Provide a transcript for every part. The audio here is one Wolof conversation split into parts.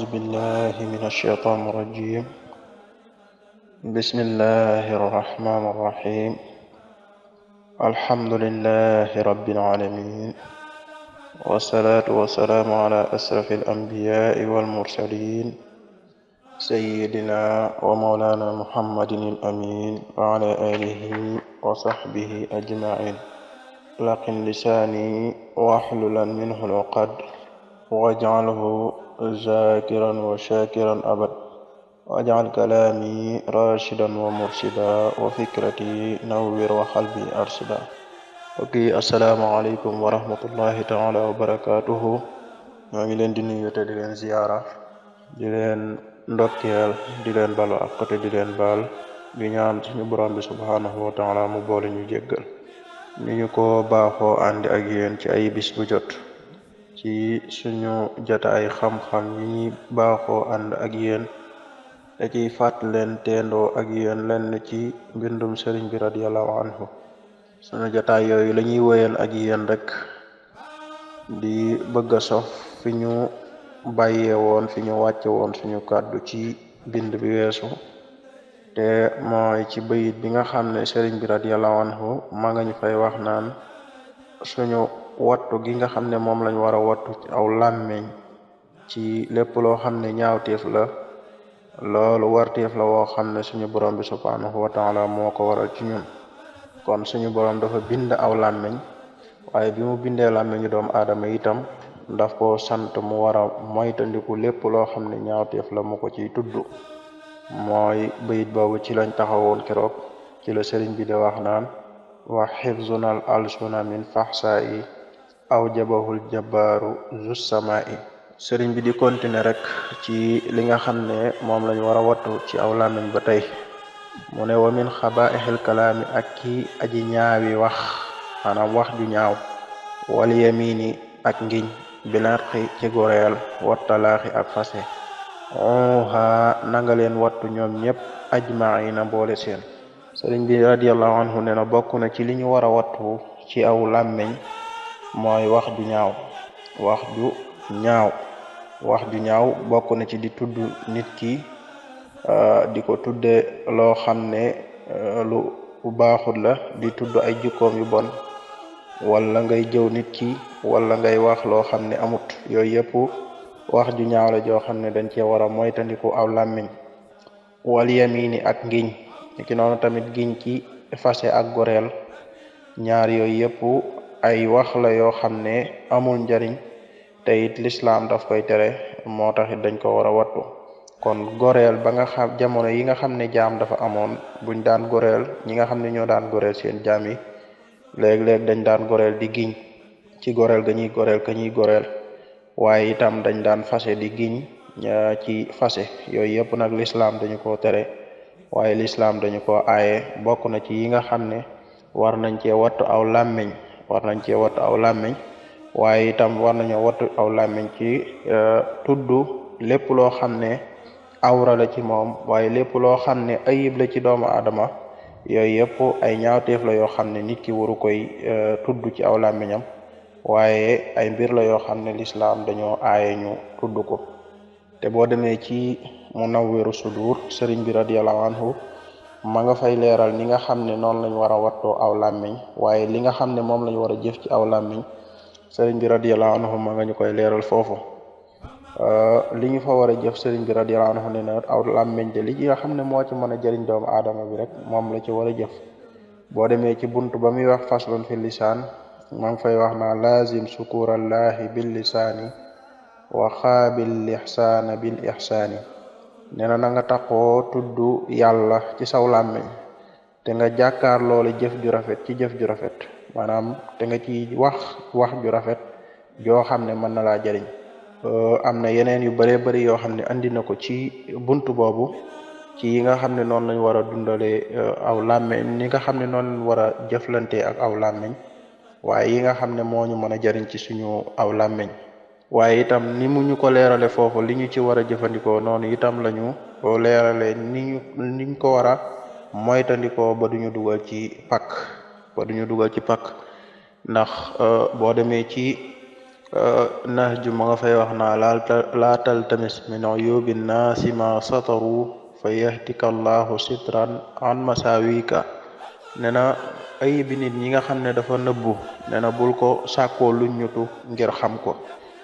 أعوذ بالله من الشيطان الرجيم بسم الله الرحمن الرحيم الحمد لله رب العالمين والصلاة والسلام على أسرف الأنبياء والمرسلين سيدنا ومولانا محمد الأمين وعلى آله وصحبه أجمعين لقن لساني واحللا منه العقد waj'alhu zakiran wa shakiran abad waj'al kalami rashidan wa murshida wa fikrati nawwir wa qalbi arshida ok asalaamaaleykum wa rahmatullahi taala wa barakatuhu ñoo ngi leen di nuyu te di leen ziyaara di leen ndokkeel di leen balu ak te di leen baal di ñaan suñu borom subhanahu wa taala mu boole ñu jéggal ni ñu ko baaxoo àndi ak ci ay bis bu jot ci suñu jotaay xam-xam yi ñuy baaxoo ànd ak yéen te ciy fàtt leen teendoo ak yéen lenn ci mbindum sëriñ bi radiallahu anhu suñu jotaay yooyu la ñuy woyal ak yéen rek di bëgg a sof fi ñu bàyyee woon fi ñu wàcce woon suñu kàddu ci bind bi weesu te mooy ci bayit bi nga xam ne sëriñ bi radiallahu anhu ma nga ñu fay wax naan suñu wattu gi nga xam ne moom lañ war a wattu aw làmmeñ ci lépp loo xam ne ñaawteef la loolu warteef la woo xam ne suñu borom bi subhanahu wa la moo ko waral ci ñun kon suñu borom dafa bind aw làmmeñ waaye bi mu bindee làmmeñu doomu aadama itam daf ko sant mu war a moytandiku lépp loo xam ne ñaawteef la mu ko ciy tudd mooy bayit boobu ci lañ taxawoon keroog ci la sëriñ bi de wax naan wa xifzunal min faxsaa yi awjabahul jabbaaru zu samaa'i sëriñ bi di continuer rek ci li nga xam ne moom lañu war a wattu ci aw làmmiñ ba tey mu ne wa min xabaa'ixil ak ki aji ñaawi wax maanaam wax ju ñaaw wal yamini ak ngiñ bilarqi ci goréel wattalaaxi ak fase oha nanga leen wattu ñoom ñëpp ajmaina boole seen sëriñ bi radiallahu anhu ne na bokk na ci li ñu war a wattu ci aw làmmiñ mooy wax ju ñaaw wax ju ñaaw wax ñaaw bokk na ci di tudd nit ki euh, di ko tudde loo xam ne euh, lu baaxul la di tudd ay jukkom yu bon wala ngay jëw nit ki wala ngay wax loo xam ne amut yooyu yëpp wax ju ñaaw la joo xam ne dañ cee war a moytandiku aw làmmiñ wal yamini ak ngiñ niki noonu tamit giñ ci fase ak goreel ñaar yooyu yëpp ay wax la yoo xam ne amul njariñ te it lislaam daf koy tere moo taxit dañ ko war a wattu kon goreel ba nga xam jamono yi nga xam ne jaam dafa amoon buñ daan goreel ñi nga xam ne ñoo daan goreel seen jaam yi léeg-léeg dañ daan goreel di giñ ci goreel ga goreel ka ñuy goreel waaye itam dañ daan fase di giñ ci fase yooyu yëpp nag lislaam dañu koo tere waaye lislaam dañu koo aaye bokk na ci yi nga xam ne war nañ cee wattu aw làmmiñ war nañ cee wattu aw làmmiñ waaye itam war nañoo wattu aw làmmiñ ci e, tuddu lépp loo xam ne awra la ci moom waaye lépp loo xam ne ayib la ci doomu aadama yooyu yëpp ay ñaawteef la yoo xam ne nit ki waru koy e, tudd ci aw làmmiñam waaye ay mbir la yoo xam ne lislaam dañoo aaye ñu tudd ko te boo demee ci Munawwirus Sudur sëriñ bi radiyallahu anhu ma nga fay leeral ni nga xam ne noonu lañ war a wattoo aw làmmiñ waaye li nga xam ne moom lañ war a jëf ci aw làmmiñ sëriñ bi radiyallahu anhu ma nga ñu koy leeral foofu euh, li ñu fa war a jëf sëriñ bi radiyallahu anhu ne na aw làmmiñ de li nga xam ne moo ci mën a jëriñ doomu aadama bi rek moom la ci war a jëf boo demee ci bunt ba muy wax faslun fi lisaan maa ngi fay wax naa laazim sukurallahi bil lisaani wa xaabil lixsaana bil ixsaani nee na na nga taxoo tudd yàlla ci saw làmmiñ te nga jàkkaar loole jëf ju rafet ci jëf ju rafet maanaam te nga ci wax wax ju rafet joo xam ne mën na laa jariñ am na yeneen yu bëree bëri yoo xam ne andina ko ci bunt boobu ci yi nga xam ne noonu lañ war a dundalee aw làmmiñ ni nga xam ne noonu lañ war a jëflante ak aw làmmiñ waaye yi nga xam ne moo ñu mën a jariñ ci suñu aw làmmiñ waaye itam ni mu ko leerale foofu li ñu ci war a jëfandikoo noonu itam lañu ñu leerale ni ñu ko war a moytandikoo ba duñu dugal ci pakk duñu dugal ci pakk ndax euh, boo demee ci euh, na ju ma nga fay wax naa laa taltamis min uyubi nnaasi ma sataru fa yahtika allahu sitran an masawika nee na ayibi nit ñi nga xam ne dafa nëbbu nee na bul ko sàkkoo luñ ñutu ngir xam ko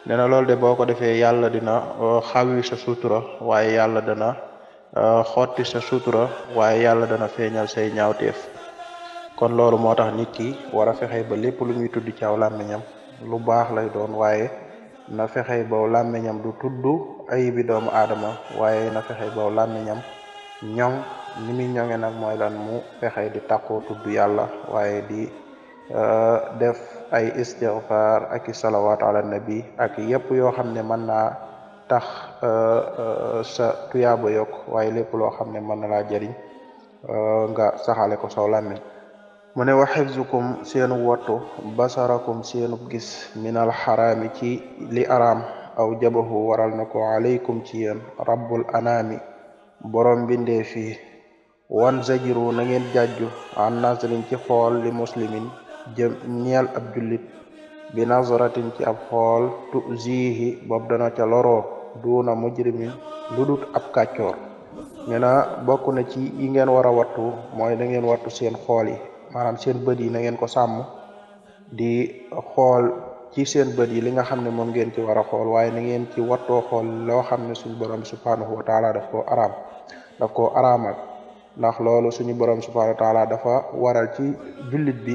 nee na loolu de boo ko defee yàlla dina uh, xawi sa sutura waaye yàlla dana uh, xotti sa sutura waaye yàlla dana feeñal say ñaawteef kon loolu moo tax nit ki war a fexe ba lépp lu muy tudd ci aw làmmiñam lu baax lay doon waaye na fexe ba làmmiñam du tudd ayibi doomu aadama waaye na fexe ba làmmiñam ñoŋ ni muy ñoŋe nag mooy lan mu fexe di taqoo tudd yàlla waaye di Euh, def ay istighfar ak i salawaat ala nabi ak yépp yoo xam ne mën naa tax euh, euh, sa tuyaaba yokk waaye lépp loo xam ne mën na laa jëriñ nga saxale ko soo làmmiñ mu ne wa xifzukum seenu wattu basarakum seenu gis minal xaraami ci li araam aw jabahu waral na ko aleykum ci yéen rabbul anaami borom bindee fii wan zajiru na ngeen jàjju an nasrin ci xool li muslimin jëm ñeel ab jullit bi nazaratin ci ab xool tu ziihi boob dana ca loroo duuna mujrimin lu dut ab kàccoor nee na bokk na ci yi ngeen war a wattu mooy na ngeen wattu seen xool yi maanaam seen bët yi na ngeen ko sàmm di xool ci seen bët yi li nga xam ne moom ngeen ci war a xool waaye na ngeen ci wattoo xool loo xam ne suñu borom subhanahu wa taala daf koo araam daf koo araamal ndax loolu suñu borom subhanahu wa taala dafa waral ci jullit bi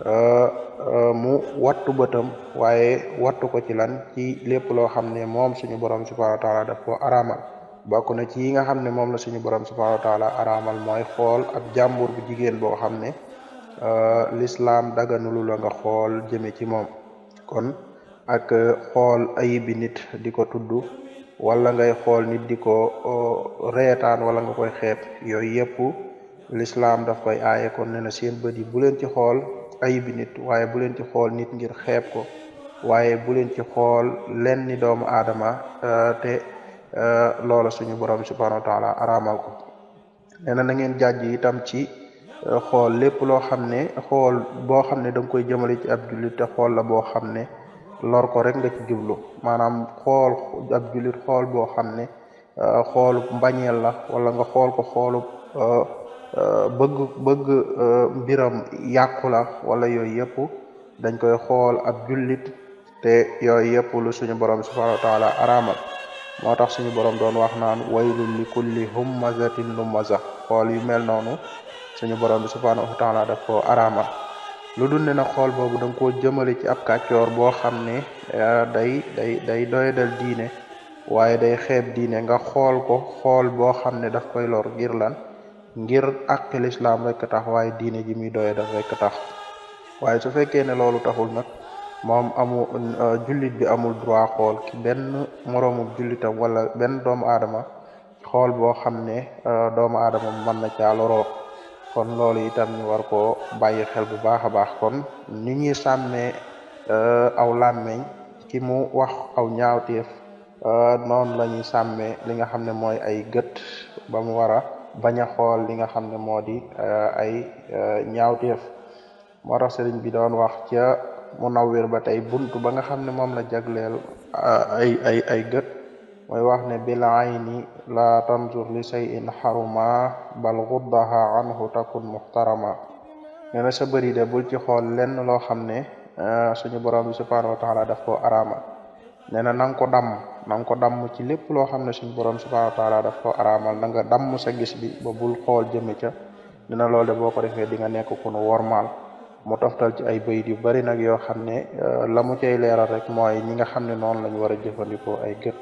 Euh, euh, mu wattu bëtam waaye wattu ko ci lan ci lépp loo xam ne moom suñu borom subhanahu wa taala daf ko araamal bokk na ci yi nga xam ne moom la suñu borom subhanahu wa taala araamal mooy xool ab jàmbur jigéen boo xam ne euh, lislaam daganulu la nga xool jëme ci moom kon ak xool ayibi nit di ko tudd wala ngay xool nit di ko reetaan wala nga koy xeeb yooyu yëpp lislaam daf koy aaye kon ne na seen bët yi bu leen ci xool ayibi nit waaye bu leen ci xool nit ngir xeeb ko waaye bu leen ci xool lenn ni doomu aadama euh, te euh, loola suñu borom subhanahu wa taala araamal ko nee na na ngeen jàjj itam ci euh, xool lépp loo xam ne xool boo xam ne da koy jëmale ci ab jullit te xool la boo xam ne lor ko rek nga ci jublu maanaam xool ab jullit xool boo xam ne xoolub mbañeel la wala nga xool ko xoolub Euh, euh, bëgg bëgg euh, mbiram yàqu la wala yooyu yëpp dañ koy xool ab jullit te yooyu yëpp lu suñu borom subhanahu wa taala araamal moo tax suñu borom doon wax naan waylun li kulli lu lumaza xool yu mel noonu suñu borom bi subhanahu wa taala daf koo araamal lu dul ne na xool boobu da nga koo jëmale ci ab kàccoor boo xam ne day day day doyadal diine waaye day xeet diine nga xool ko xool boo xam ne daf koy lor ngir lan ngir ak àq lislaam rek tax waaye diine ji muy doye daf rek tax waaye su fekkee ne loolu taxul nag moom amu euh, julit bi amul droit xool benn moroomub jullitam wala benn doomu aadama xool boo xam ne euh, doomu aadama mën na caa loroo kon loolu itam ñu war koo bàyyi xel bu baax a baax kon ni ñuy sàmmee euh, aw làmmeñ ki mu wax aw ñaawteef noonu la ñuy sàmmee li nga xam ne mooy ay gët ba mu war a bañ a xool li nga xam ne moo di euh, ay euh, ñaawteef moo tax sëriñ bi doon wax ca Munawwir ba tey bunt ba nga xam ne moom la jagleel euh, ay gët mooy wax ne bil ayni la tanzur li shay'in haruma bal guddaha anhu takun muhtarama nee na sa bëri de bul ci xool lenn loo xam ne suñu borom bi subhanahu wa taala daf koo araama nee na na nga ko dam na nga ko damm ci lépp loo xam ne suñ borom subhaanahu wa taala daf ko araamal na nga damm sa gis bi ba bul xool jëme ca dina loolu de boo ko defee di nga nekk ku nu moo mu toftal ci ay bayit yu bari nag yoo xam ne euh, la mu cay leeral rek mooy ñi nga xam ne noonu lañ war a jëfandikoo ay gët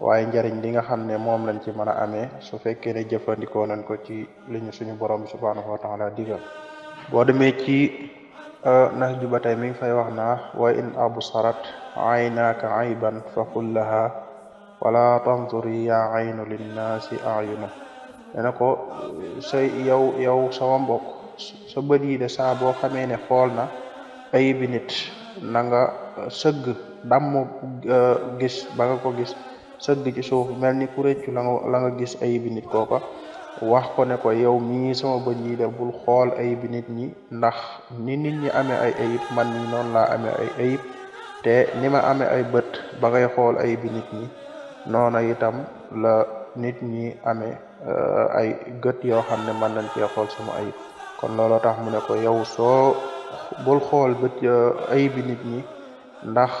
waaye njariñ li nga xam ne moom lañ ci mën a amee su fekkee ne jëfandikoo nañ ko ci li suñu borom bi subhaanahu wa taala digal boo demee ci Euh, nax ju ba tey mi ngi fay wax naa wa in absarat aynaaka ayban fa qul wala tanturi ya aynu linnaasi ayuna dana ko sa yow so sama mbokk sa bët yi de saa xamee ne xool na ayibi nit na nga sëgg damm euh, gis ba nga ko gis sëgg ci suuf mel ni ku réccu la nga gis ayibi nit kooka wax ko ne ko yow mii soo bët yi de bul xool bi nit ñi ndax ni nit ñi amee ay ayib man mii noonu laa amee ay ayib te ni ma amee ay bët ba ngay xool ayibi nit ñi noona itam la nit ñi ame euh, ay gët yoo xam ne man nañ cee xool sama ayib kon looloo tax mu ne ko yow soo bul xool bët ayibi nit ñi ndax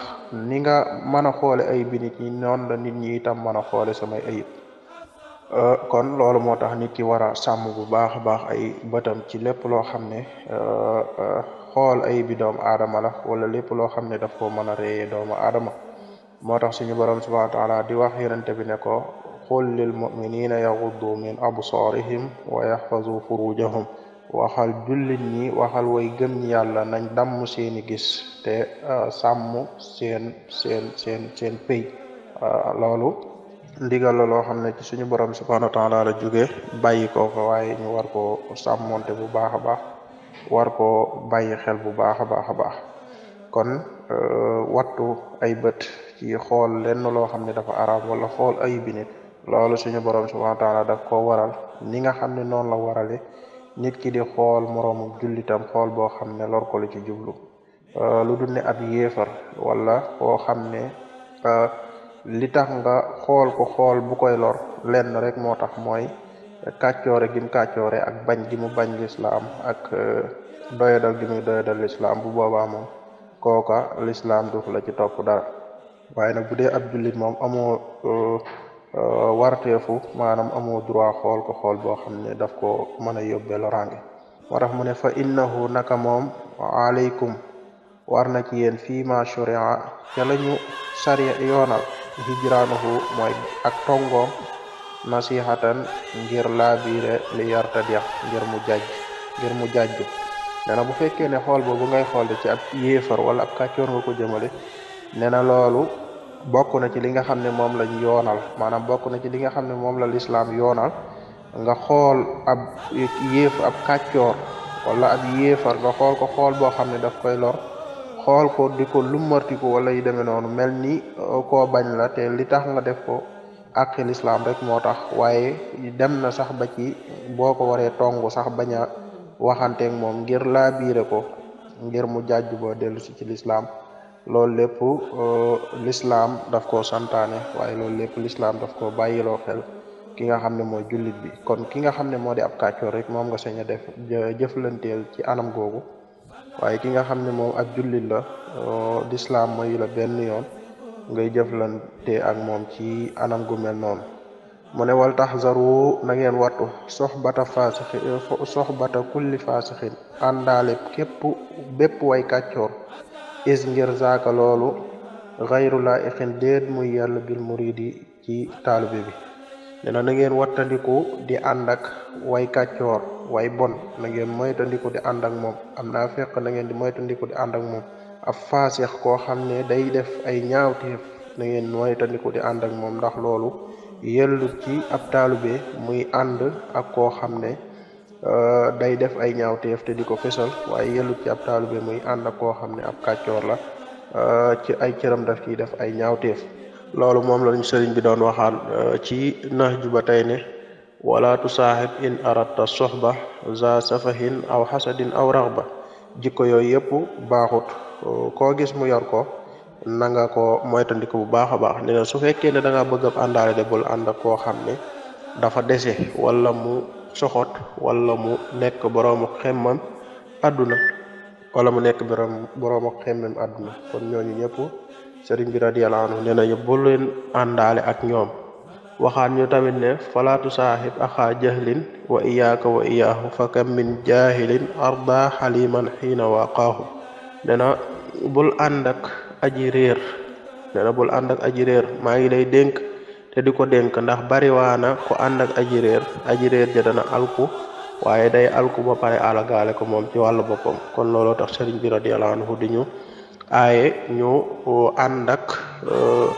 ni nga mën a xoole ayibi nit ñi noonu la nit ñi itam mën a xoole samay ayib Euh, kon loolu moo tax nit ki war sàmm bu baax a baax ay bëtam ci lépp loo xam ne euh, euh, xool ay bi doomu aadama la wala lépp loo xam ne daf ko mën a réyee doomu aadama moo tax suñu borom subhanahu wa taala di wax yonente bi ne ko qul lil muminina yaxuddu min absarihim wa yaxfazu furujahum waxal jullit ñi waxal way gëm yàlla nañ damm seeni gis te sàmm seen seen seen seen pay loolu ndigal la loo xam ne ci suñu borom subhanahu wa taala la jóge bàyyi koo ko waaye ñu war koo sàmmonte bu baax a baax war koo bàyyi xel bu baax a baax a baax kon euh, wattu ay bët xool lenn loo xam ne dafa araam wala xool ay bi nit loolu suñu borom subhanahu wa taala daf koo waral ni nga xam ne noonu la warale nit ki di xool moroomu jullitam xool boo xam ne lor ko la ci jublu euh, lu dul ne ab yéefar wala koo xam ne euh, li tax nga xool ko xool bu koy lor lenn rek moo tax mooy kàccoore gi mu ak bañ gi mu bañ lislaam ak euh, doyadal gi muy doyadal lislaam bu boobaa moom kooka lislaam du la ci topp dara waaye nag bu dee ab jullit moom amoo euh, warteefu maanaam amoo droit xool ko xool boo xam ne daf ko mën a yóbbee loraange moo tax mu ne fa innahu naka moom aleykum war na ci yéen fii ma sharia ca lañu sariya yoonal hijraanuhu mooy ak tongoom nasihatan ngir laabire li yartadix ngir mu jajj ngir mu jajju na bu fekkee ne xool boobu ngay xool ci ab yéefar wala ab kàccoor nga ko jëmale nee na loolu bokk na ci li nga xam ne moom lañ yoonal maanaam bokk na ci li nga xam ne moom la lislaam yoonal nga xool ab yéef ab kàccoor wala ab yéefar nga xool ko xool boo xam ne daf koy lor xool ko di ko lummartiku wala yu demee noonu mel ni uh, koo bañ la te li tax nga def ko ak lislaam rek moo tax waaye dem na sax ba ci boo ko waree tongu sax bañ a waxanteeg moom ngir laa biire ko ngir mu jàjju ba dellu si ci lislaam loolu lépp uh, lislaam daf ko santaane waaye loolu lépp lislaam daf koo bàyyiloo xel ki nga xam ne mooy julit bi kon ki nga xam ne moo di ab kàccoor rek moom nga sañ a def jëflanteel ci anam googu waaye ki nga xam ne moom ab jullit la lislaam mayu la benn yoon ngay jëflante ak moom ci anam gu mel noonu mu ne wal taxzaru na ngeen wattu soxbata faasixi soxbata kulli faasixin àndaale képp bépp way kàccoor is ngir zaaka loolu xayru laiqin déet muy yàlla bil muridi ci taalibe bi dina na ngeen wattandiku di ànd ak way kàccoor way bon na ngeen moytandiku di ànd ak moom am naa fekk na ngeen di moytandiku di ànd ak moom ab faasix koo xam ne day def ay ñaawteef na ngeen moytandiku di ànd ak moom ndax loolu yellut ci ab taalibe muy ànd ak koo xam ne euh, day def ay ñaawteef te di ko fésal waaye yellut ci ab taalibe muy ànd ak koo xam ne ab kàccoor la euh, ci ay cëram daf ciy def ay ñaawteef loolu moom lañu sëriñ bi doon waxaal euh, ci nax ju tey ne wala tusaaxib in aratta soxba za safahin aw xasadin aw raxba jikko yooyu yëpp baaxut koo gis mu yor ko na nga ko moytandiku bu baax a baax nee na su fekkee ne da bëgg ab àndaale de bul ànd ak koo xam ne dafa dese wala mu soxot wala mu nekk boroomu xemmam àdduna wala mu nekk borom boroomu xemmam àdduna kon ñooñu ñëpp sëriñ bi radiyallahu anhu nee nañu bu àndaale ak ñoom waxaan ñu tamit ne falaatu saaxib axaa jahlin wa iyaaka wa iyaahu fa kam min jaahilin arda xaliman xiina waaqaahu ne na bul ànd ak aji bul ànd ak aji maa ngi lay dénk te di ko dénk ndax bari ko ànd ak aji réer aji réer ja dana alku waaye day alku ba pare alagaale ko moom ci wàllu boppam kon looloo tax sëriñ bi radiyallahu anhu di ñu aaye ñu ànd ak euh,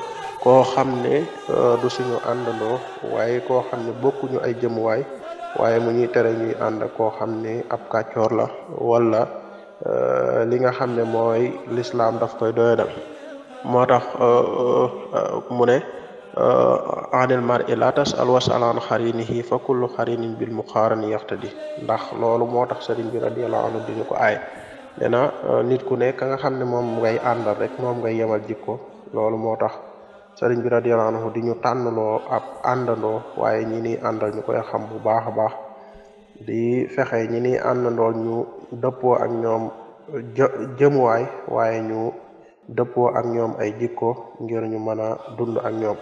koo xam ne euh, du suñu àndandoo waaye koo xam ne bokkuñu ay jëmuwaay waaye mu ñuy tere ñuy ànd koo xam ne ab kàccoor la walla euh, li nga xam ne mooy lislaam daf koy doyadal moo tax euh, mu ne anil mar'i la tas'al was'al an xarinihi fa kullu xarinin bil muqarani yaxtadi ndax loolu moo tax sëriñ bi radiyallahu anhu diñu ko ay nee nit ku ne ka nga xam ne moom ngay àndal rek moom ngay yemal jikko loolu moo tax sëriñ bi radiyallahu anhu di ñu tànnloo ab àndandoo waaye ñi ni àndal ñu koy xam bu baax a baax di fexe ñi ni àndandoo ñu dëppoo ak ñoom jëmuwaay waaye ñu dëppoo ak ñoom ay jikko ngir ñu mën a dund ak ñoom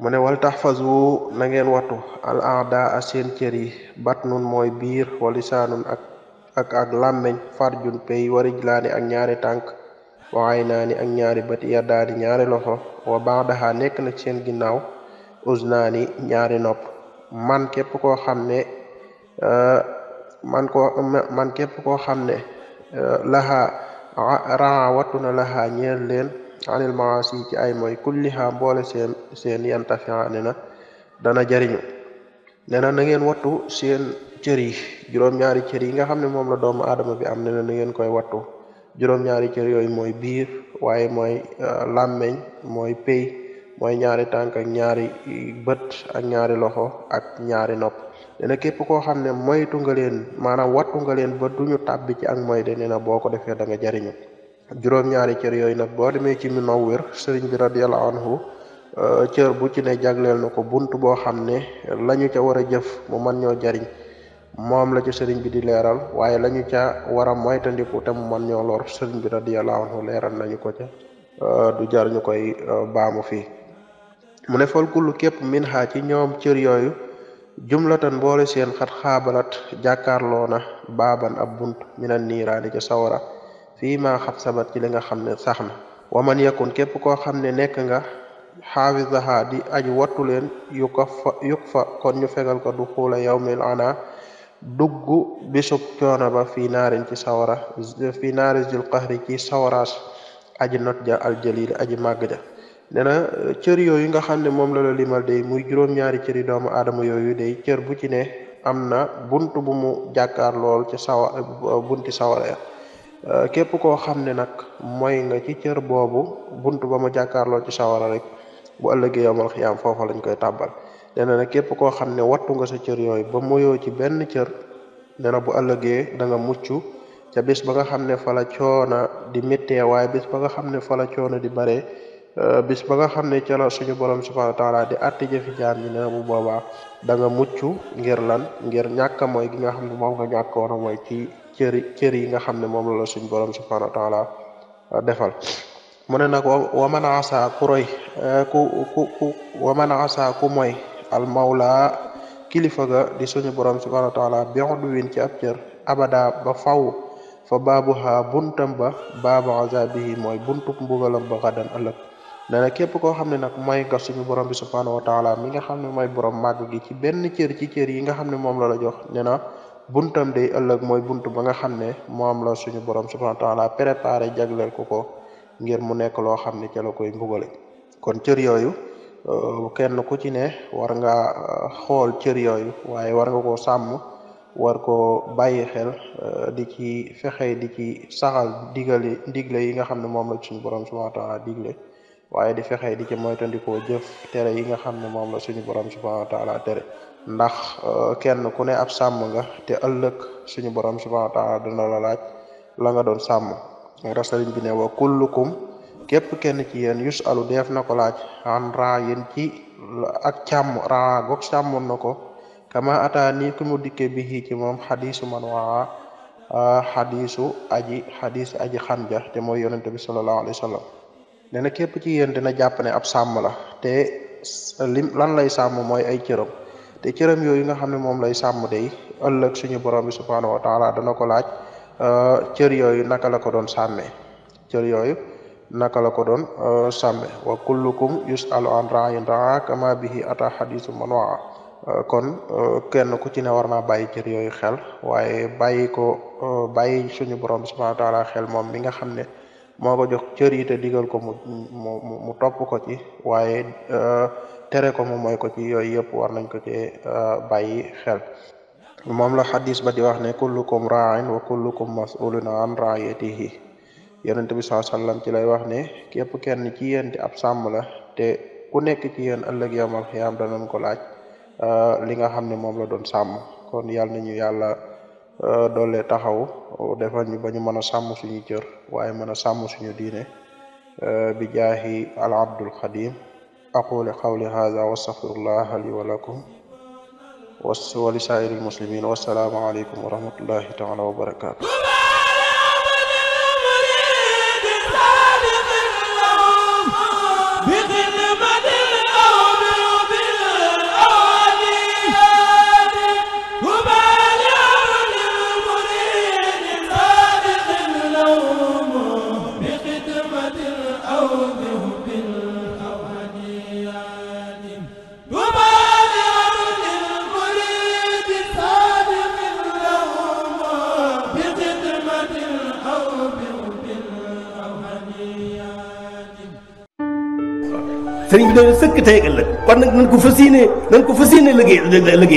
mu ne wal taxfazu na ngeen wattu al aada a seen cër yi batnun mooy biir walisaanun ak ak ak làmmeñ farjun pay warij laani ak ñaari tànk waxaay naa ni ak ñaari bët yaddaani ñaari loxo wa baax daxaa nekk na seen ginnaaw us naa ni ñaari nopp man képp koo xam ne euh, man koo képp koo xam ne euh, laxaa raa wattu na laxaa ñeel leen anil maasi ci ay mooy kulliha mboole seen seen yantafia ne na dana jariñu nee na ngeen wattu seen cër yi juróom-ñaari cër yi nga xam ne moom la doomu adama bi am ne na na ngeen koy wattu juróom-ñaari cër yooyu mooy biir waaye mooy euh, làmmeñ mooy pey mooy ñaari tànk ak ñaari bët ak ñaari loxo ak ñaari nopp nee na képp koo xam ne moytu nga leen maanaam wattu nga leen ba ñu tàbbi ci ak mooy de nee na boo ko defee da nga jariñu juróom-ñaari cër yooyu nag boo demee ci Munawwir sëriñ bi radiyallahu anhu euh, cër bu ci ne jagleel na ko bunt boo xam ne la ñu ca war a jëf mu man ñoo jariñ moom la ci sëriñ bi di leeral waaye lañu ñu ca war a moytandiku te mu man ñoo sëriñ bi radiyallahu anhu leeral nañu ko ca euh, du jar ñu koy euh, baamu fi mu ne fal kullu képp min xaa ci ñoom cër yooyu jumlatan boole seen xat xaabalat jàkkaarloo na baaban ab bunt mina niiraani ca sawara fii maa xab sabat ci li nga xam ne sax na man yakun képp koo xam ne nekk nga xa di aji wattu leen yu fa yuk fa kon ñu fegal ko du xuula yawmil ana dugg bisub coono ba fi naarin ci sawara fi naari zil qahri ci sawaraas aji not ja aljalil aji màgg ja nee cër yooyu nga xam ne moom la limal day muy juróom-ñaari cëri doomu aadama yooyu dey cër bu ci ne am na bunt bu mu jàkkaar lool ci sawa sawara euh, képp koo xam ne nag mooy nga ci cër boobu bunt ba mu jàkkaar ci sawara rek bu ëllëgee yomal xiyaam foofa lañ koy tàbbal nee na képp koo xam ne wattu nga sa cër yooyu ba moyoo ci benn cër nee bu ëllëgee da nga mucc ca bis ba nga xam ne fala coona di méttee waaye bis ba nga xam ne fala la coona di bare euh, bis ba nga xam ne ca suñu borom subhanahu wa taala di atti jëfi jaam yi nee bu boobaa da nga mucc ngir lan ngir ñàkk a mooy gi nga xam ne moom nga ñàkk mooy ci cëri yi nga xam ne moom la la borom subhanahu wa taala euh, defal mu ne nag waman asa ku roy euh, ku ku ku waman asa ku mooy al mawla kilifa ga di suñu borom subhanahu wa taala bendu win ci ab cër abada ba faw fa baabuha buntam ba baabu azabihi mooy buntu mbugalam ba xadan ëllëg nee na képp koo xam ne nag mooy nga suñu borom bi subhanahu wa taala mi nga xam ne mooy borom màgg gi ci benn cër ci cër yi nga xam ne moom la la jox nee na buntam day ëllëg mooy bunt ba nga xam ne moom la suñu borom subhanahu wa taala préparé jagleel ko ko ngir mu nekk loo xam ne ca koy mbugale kon cër yooyu Euh, kenn ku ci ne war nga euh, xool cër yooyu waaye war nga koo sàmm war koo bàyyi xel euh, di ci fexe di ci saxal digale digle yi nga xam ne moom la suñu borom subhanahu wa taala digle waaye di fexe di ci moytandikoo jëf tere yi nga xam ne moom la suñu borom subhanahu wa taala tere ndax kenn ku ne ab sàmm nga te ëllëg suñu borom subhanahu wa taala dana la laaj la nga doon sàmm nga sëriñ bi ne wa kullukum képp kenn ci yéen yus alu def na ko laaj an raa yéen ci ak càmm raa goog càmmoon na ko kama ata ni ku mu dikke bi ci moom xadisu man waa xadisu aji xadis aji xanja te mooy yonente bi sallallahu alayhi wa sallam nee na képp ci yéen dina jàpp ne ab sàmm la te lim lan lay sàmm mooy ay cëram te cëram yooyu nga xam ne moom lay sàmm day ëllëg suñu borom bi subhanahu wa taala dana ko laaj cër yooyu naka la ko doon sàmmee cër yooyu naka la ko doon euh, sàmme wa kullukum yusalu an ra'in ra'a kama bihi ata hadisu man waa euh, kon euh, kenn ku ci ne war naa bàyyi cër yooyu xel waaye bàyyi ko bàyyi suñu borom bi subhanahu wa xel moom mi nga xam ne moo jox cër yi te digal ko mu mu topp ko ci waaye tere ko mu mooy ko ci yooyu yëpp war nañ ko ci bàyyi xel moom la xadis ba di wax ne kullukum ra'in wa kullukum mas'ulun an ra'iyatihi yonent bi saa sallam ci lay wax ne képp kenn ci yéen di ab sàmm la te ku nekk ci yéen ëllëg yawmal xiyaam danañ ko laaj euh, li nga xam ne moom la doon sàmm kon yàlla nañu yàlla euh, doole taxaw defal ñu ba ñu mën a sàmm suñu cër waaye mën a sàmm suñu diine euh, bi jaahi al abdul xadim aqulu qawli hadha wa astaghfirullah li wa lakum wa li wassalaamu aleykum wa rahmatullahi taala wa barakatuh sëriñ bi doon sëkk tey ak ëllëg kon nag nañ ko fas yéene nañ ko fas yéene liggéey liggéey